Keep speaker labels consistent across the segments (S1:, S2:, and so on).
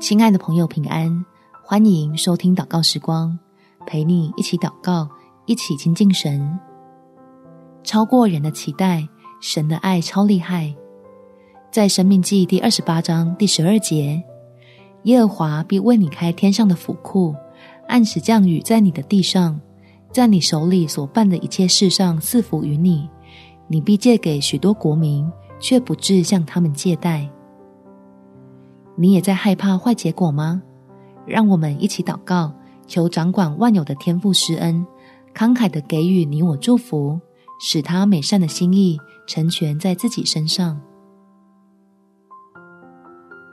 S1: 親愛的朋友，平安！歡迎收聽禱告時光，陪你一起禱告，一起親近神。超過人的期待，神的愛超厲害。在《申命記》第二十八章第十二節，耶和華必為你開天上的府庫，按時降雨在你的地上，在你手裡所辦的一切事上賜福於你，你必借給許多國民，卻不致向他們借貸。你也在害怕壞結果嗎？讓我們一起禱告，求掌管萬有的天父施恩，慷慨的給予你我祝福，使他美善的心意成全在自己身上。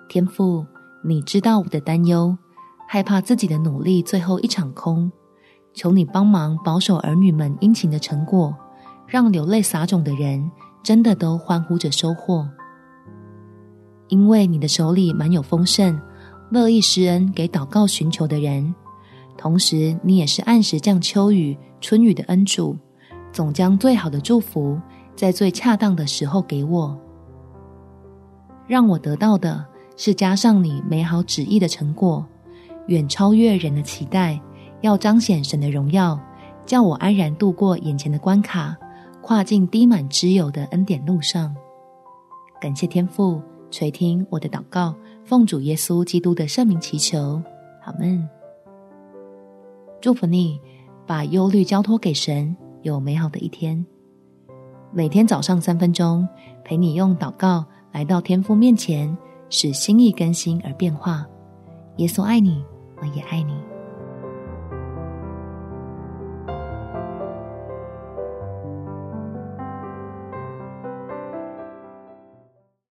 S1: 天父，你知道我的擔憂，害怕自己的努力最後一場空，求你幫忙保守兒女們殷勤的成果，讓流淚撒種的人真的都歡呼着收穫。因為你的手裡滿有豐盛，樂意施恩給禱告尋求的人；同時，你也是按時降秋雨、春雨的恩主，總將最好的祝福在最恰當的時候給我，讓我得到的是加上你美好旨意的成果，遠超越人的期待，要彰顯神的榮耀，叫我安然度過眼前的關卡，跨進滴滿脂油的恩典路上。感謝天父。垂聽我的禱告，奉主耶穌基督的聖名祈求，阿門。祝福你，把憂慮交託給神，有美好的一天。每天早上三分鐘，陪你用禱告來到天父面前，使心意更新而變化。耶穌愛你，我也愛你。